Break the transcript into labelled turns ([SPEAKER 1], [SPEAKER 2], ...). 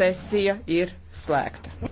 [SPEAKER 1] sesija ir slēgta.